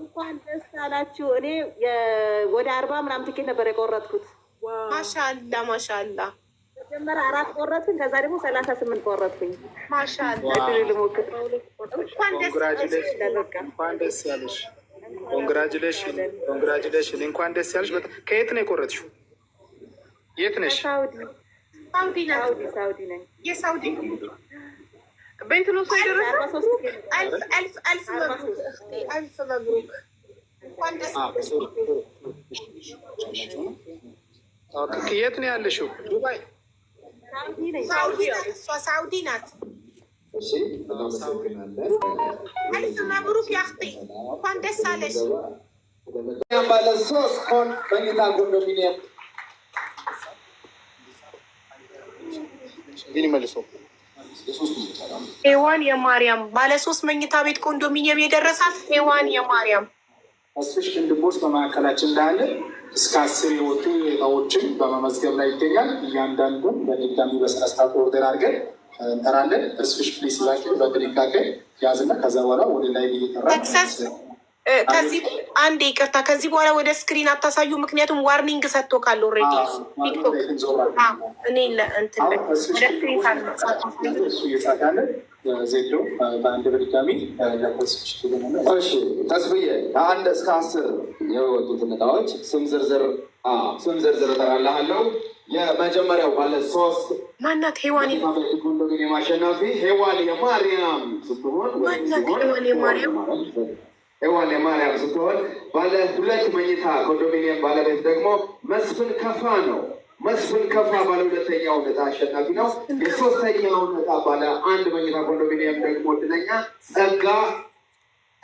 እንኳን ደስ አላችሁ። እኔ ወደ አርባ ምናምን ትኬት ነበር የቆረጥኩት። ማሻላ ማሻላ። መጀመሪያ አራት ቆረጥኩኝ፣ ከዛ ደግሞ ሰላሳ ስምንት ቆረጥኩኝ። ማሻላ እንኳን ደስ ያለሽ። ኮንግራጁሌሽን እንኳን ደስ ያለሽ። ከየት ነው የቆረጥሽው? የት ነሽ? ሳውዲ ሳውዲ ነኝ። የሳውዲ ቤት ሰው የደረሰው። የት ነው ያለሽው? ዱባይ ሳውዲ ናት። አልፍ መብሩክ ያክቴ እንኳን ደስ አለሽ። ባለ ሶስት ሆን በጌታ ኮንዶሚኒየም ግን መልሶ ሔዋን የማርያም ባለ ሶስት መኝታ ቤት ኮንዶሚኒየም የደረሳት ሔዋን የማርያም አስር ሽንድቦች በመካከላችን እንዳለ እስከ አስር የወጡ እጣዎችን በመመዝገብ ላይ ይገኛል። እያንዳንዱ በድጋሚ በስነስርዓት ኦርደር አድርገን እንጠራለን። እርስፍሽ ፕሊስ ላኪ በጥንቃቄ ያዝና ከዛ በኋላ ወደ ላይ እየጠራ ከዚህ አንድ ይቅርታ፣ ከዚህ በኋላ ወደ ስክሪን አታሳዩ። ምክንያቱም ዋርኒንግ ሰጥቶ ካለ ኦልሬዲ እኔ እንትን እስከ አስር የወጡትን እቃዎች ስም ዝርዝር ስም ዝርዝር እጠራልሃለሁ። የመጀመሪያው ባለ ሶስት ማናት? ሄዋን ማሸናፊ ሄዋን የማርያም ስትሆን ማናት? ሄዋን የማርያም እዋል የማርያም ስትሆን ባለ ሁለት መኝታ ኮንዶሚኒየም ባለቤት ደግሞ መስፍን ከፋ ነው። መስፍን ከፋ ባለ ሁለተኛው ነጻ አሸናፊ ነው። የሶስተኛው ነጻ ባለ አንድ መኝታ ኮንዶሚኒየም ደግሞ ድነኛ ጸጋ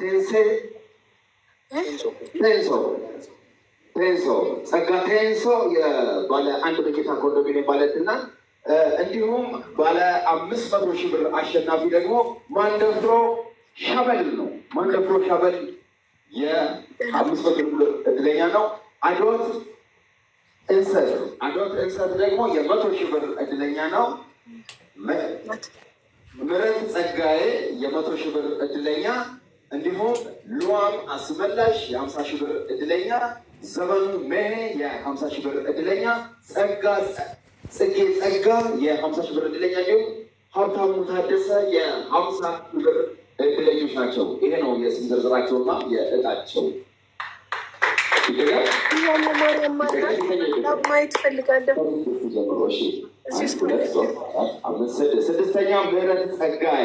ቴንሴ ቴንሶ ቴንሶ ጸጋ ቴንሶ ባለ አንድ መኝታ ኮንዶሚኒየም ባለትና እንዲሁም ባለ አምስት መቶ ሺህ ብር አሸናፊ ደግሞ ማንደፍሮ ሸበል ነው። መንደፍሮ ሸበል የአምስት መቶ እድለኛ ነው። አድዋት እንሰት አድዋት እንሰት ደግሞ የመቶ ሺህ ብር እድለኛ ነው። ምረት ጸጋዬ የመቶ ሺህ ብር እድለኛ እንዲሁም ልዋም አስመላሽ የሀምሳ ሺህ ብር እድለኛ፣ ዘመኑ መሄ የሀምሳ ሺህ ብር እድለኛ፣ ጸጋ ጽጌ ጸጋ የሀምሳ ሺህ ብር እድለኛ እንዲሁም ሀብታሙ ታደሰ የሀምሳ ሺህ ብር ሌሎች ናቸው። ይሄ ነው የስም ዝርዝራቸውና የእጣቸው ማየት ፈልጋለሁ። ስድስተኛው ምህረት ጸጋዬ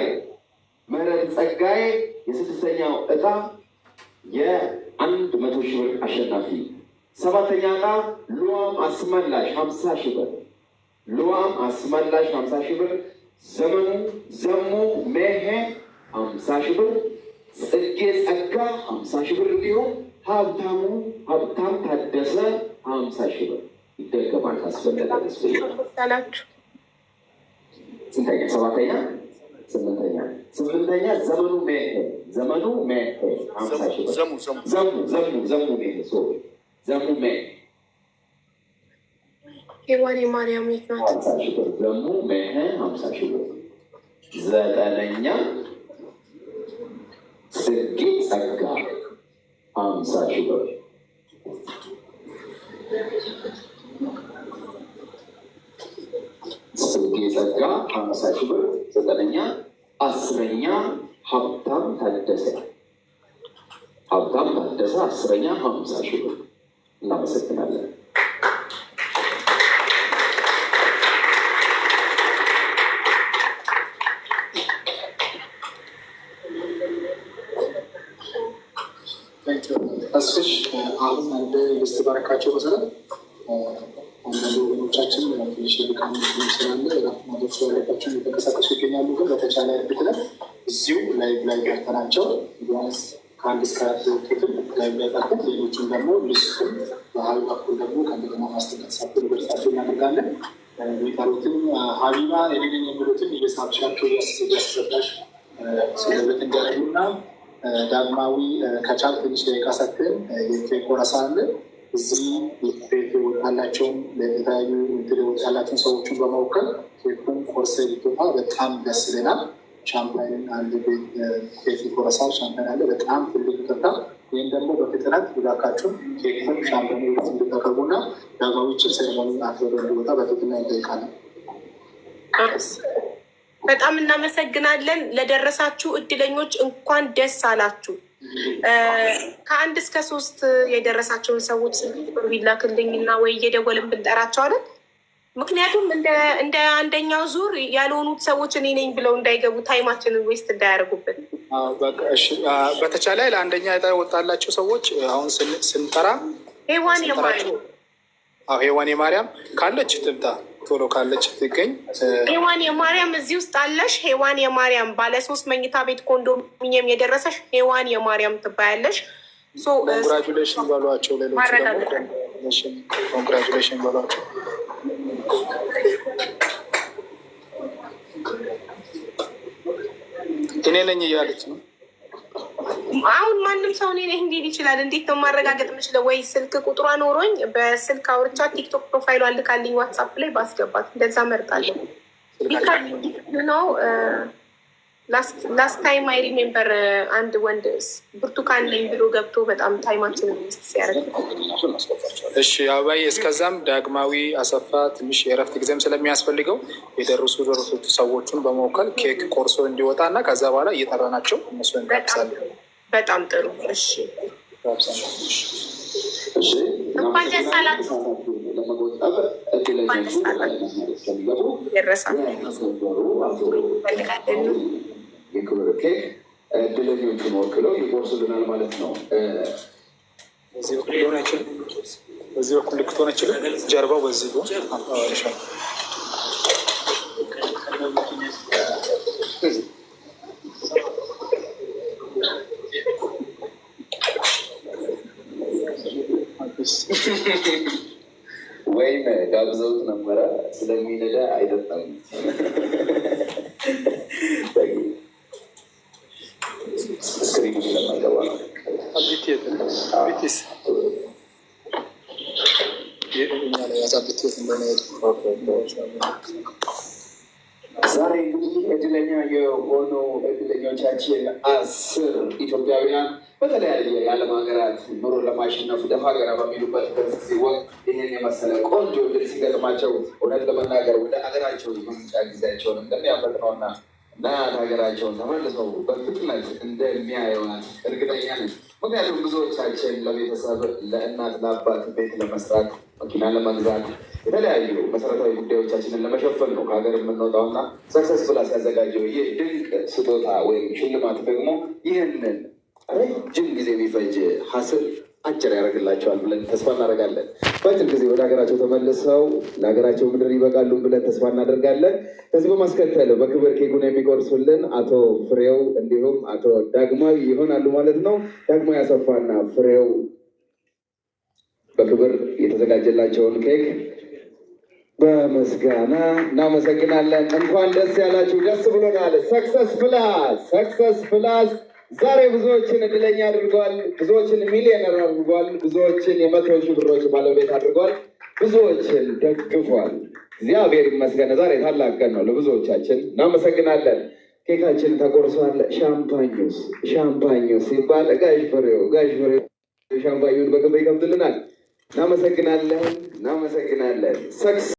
ምህረት ጸጋዬ የስድስተኛው እጣ የአንድ መቶ ሺህ ብር አሸናፊ። ሰባተኛ እጣ ሉዋም አስመላሽ ሀምሳ ሺህ ብር ሉዋም አስመላሽ ሀምሳ ሺህ ብር ዘመኑ ዘሙ ሜሄ ሀምሳ ሺህ ብር፣ ጽጌ ጸጋ ሀምሳ ሺህ ብር እንዲሁም ሀብታሙ ሀብታም ታደሰ ሀምሳ ሺህ ብር ይደገማል። ካስፈለገ ስንተኛ? ሰባተኛ፣ ስምንተኛ፣ ስምንተኛ ዘመኑ ሜሄ ዘመኑ ሜሄ ዘሙ ዘሙ ዘሙ ሜሄ ዘሙ ሜሄ ዘሙ ሜሄ ሀምሳ ሺህ ብር ዘጠነኛ በስኬት ጸጋ አምሳ ሺህ ብር ስጌ ጸጋ አምሳ ብር። ዘጠነኛ አስረኛ ሀብታም ታደሰ ሀብታም ታደሰ አስረኛ ሀምሳ ሺህ ብር። እናመሰግናለን። ተስፍሽ አሁን አንድ ደስት ባረካቸው መሰረት አንዳንድ ወገኖቻችን ትንሽ ድካም ስላለ እረፍት ማድረግ እየተንቀሳቀሱ ይገኛሉ። ግን በተቻለ ብክለት እዚሁ ላይ ላይ ቀርተናቸው ቢያንስ ከአንድ እስከ ክፍል ላይ ላይ ቀርተን ሌሎችም ደግሞ ልስቱም በሀቢ በኩል ደግሞ ከእንደገና ማስጠቀት ሳብ በርሳቸው እናደርጋለን። የሚጠሩትም ሀቢባ የሌለኝ የሚሉትም እየሳብሻቸው እያስሰዳሽ ስለበት እንዳያሉና ዳግማዊ ከቻል ትንሽ ደቂቃ ሰጥተን የኬክ ቆረሳ አለ። እዚህ ቤት ይወጣላቸውን ለተለያዩ ትል ይወጣላቸውን ሰዎቹን በመወከል ኬኩን ቆርሰ ልትወጣ በጣም ደስ ይለናል። ሻምፓይን አንድ ቤት ቆረሳ ሻምፓይን አለ። በጣም ትልቅ ቅርታ ይህም ደግሞ በፍጥነት ጉዳካችሁን ኬኩን ሻምፓይን ቤት እንድታቀርቡና ዳግማዊችን ሴሬሞኒ አክብረው እንዲወጣ በትህትና እንጠይቃለን። በጣም እናመሰግናለን። ለደረሳችሁ እድለኞች እንኳን ደስ አላችሁ። ከአንድ እስከ ሶስት የደረሳቸውን ሰዎች ስልክ ቢላክልኝ ወይ እየደወልን ብንጠራቸዋለን። ምክንያቱም እንደ አንደኛው ዙር ያልሆኑት ሰዎች እኔ ነኝ ብለው እንዳይገቡ ታይማችንን ዌስት እንዳያደርጉብን በተቻለ ለአንደኛ ዕጣ ወጣላቸው ሰዎች አሁን ስንጠራ ሄዋን የማርያም ሄዋን የማርያም ካለች ትምጣ። ቶሎ ካለች ትገኝ። ሄዋን የማርያም እዚህ ውስጥ አለሽ። ሄዋን የማርያም ባለሶስት መኝታ ቤት ኮንዶሚኒየም የደረሰሽ ሄዋን የማርያም ትባያለሽ። ኮንግራጁሌሽን በሏቸው። ሌሎች ኮንግራጁሌሽን በሏቸው። እኔ ነኝ እያለች ነው አሁን ማንም ሰው እኔ ነኝ ሊል ይችላል። እንዴት ነው ማረጋገጥ የምችለው? ወይ ስልክ ቁጥሯ ኖሮኝ በስልክ አውርቻ ቲክቶክ ፕሮፋይሉ አልካልኝ ዋትሳፕ ላይ ባስገባት እንደዛ መርጣለሁ። ነው ላስት ታይም አይ ሪሜምበር አንድ ወንድ ብርቱካን ነኝ ብሎ ገብቶ በጣም ታይማችን ስ ሲያደርግ እሺ፣ አበባዬ እስከዛም ዳግማዊ አሰፋ ትንሽ የእረፍት ጊዜም ስለሚያስፈልገው የደረሱ ደረሶች ሰዎቹን በመወከል ኬክ ቆርሶ እንዲወጣ እና ከዛ በኋላ እየጠራናቸው እነሱ እንጋብዛለን። በጣም ጥሩ። እሺ እንኳን ደስ አላችሁ። እድለኞቹን ወክለው ይጎርሱልናል ማለት ነው። በዚህ በኩል ልክቶነችል ጀርባው በዚህ ወይም ጋብዘውት ነበረ ስለሚነደ አይጠጣም። ስክሪን ስለማይገባ ነው። ቤት ቤት ዛሬ እንግዲህ እድለኛ የሆኑ እድለኞቻችን አስር ኢትዮጵያውያን በተለያየ የዓለም ሀገራት ኑሮ ለማሸነፍ ደፋ ገና በሚሉበት በዚህ ወቅት ይህን የመሰለ ቆንጆ እድል ሲገጥማቸው እውነት ለመናገር ወደ ሀገራቸው የመምጫ ጊዜያቸውን እንደሚያፈጥ ነውና እና ሀገራቸውን ተመልሰው በፍጥነት እንደሚያየዋት እርግጠኛ ነኝ። ምክንያቱም ብዙዎቻችን ለቤተሰብ ለእናት ለአባት ቤት ለመስራት መኪና ለመግዛት የተለያዩ መሰረታዊ ጉዳዮቻችንን ለመሸፈን ነው ከሀገር የምንወጣውና ሰክሰስፉል ያዘጋጀው ይህ ድንቅ ስጦታ ወይም ሽልማት ደግሞ ይህንን ረጅም ጊዜ የሚፈጅ ሀስል አጭር ያደርግላቸዋል ብለን ተስፋ እናደርጋለን። በአጭር ጊዜ ወደ ሀገራቸው ተመልሰው ለሀገራቸው ምድር ይበቃሉ ብለን ተስፋ እናደርጋለን። ከዚህ በማስከተል በክብር ኬኩን የሚቆርሱልን አቶ ፍሬው እንዲሁም አቶ ዳግማዊ ይሆናሉ ማለት ነው። ዳግማዊ አሰፋና ፍሬው በክብር የተዘጋጀላቸውን ኬክ በመስጋና እናመሰግናለን። እንኳን ደስ ያላችሁ፣ ደስ ብሎናል። ሰክሰስ ፕላስ ሰክሰስ ፕላስ ዛሬ ብዙዎችን እድለኛ አድርጓል፣ ብዙዎችን ሚሊዮነር አድርጓል፣ ብዙዎችን የመቶ ሺህ ብሮች ባለቤት አድርጓል፣ ብዙዎችን ደግፏል። እግዚአብሔር ይመስገን። ዛሬ ታላቅ ቀን ነው ለብዙዎቻችን። እናመሰግናለን። ኬካችን ተቆርሷል። ሻምፓኞስ ሻምፓኞስ ሲባል ጋሽ ፍሬው ጋሽ ፍሬው ሻምፓኞን በክብር ይከብትልናል። እናመሰግናለን እናመሰግናለን።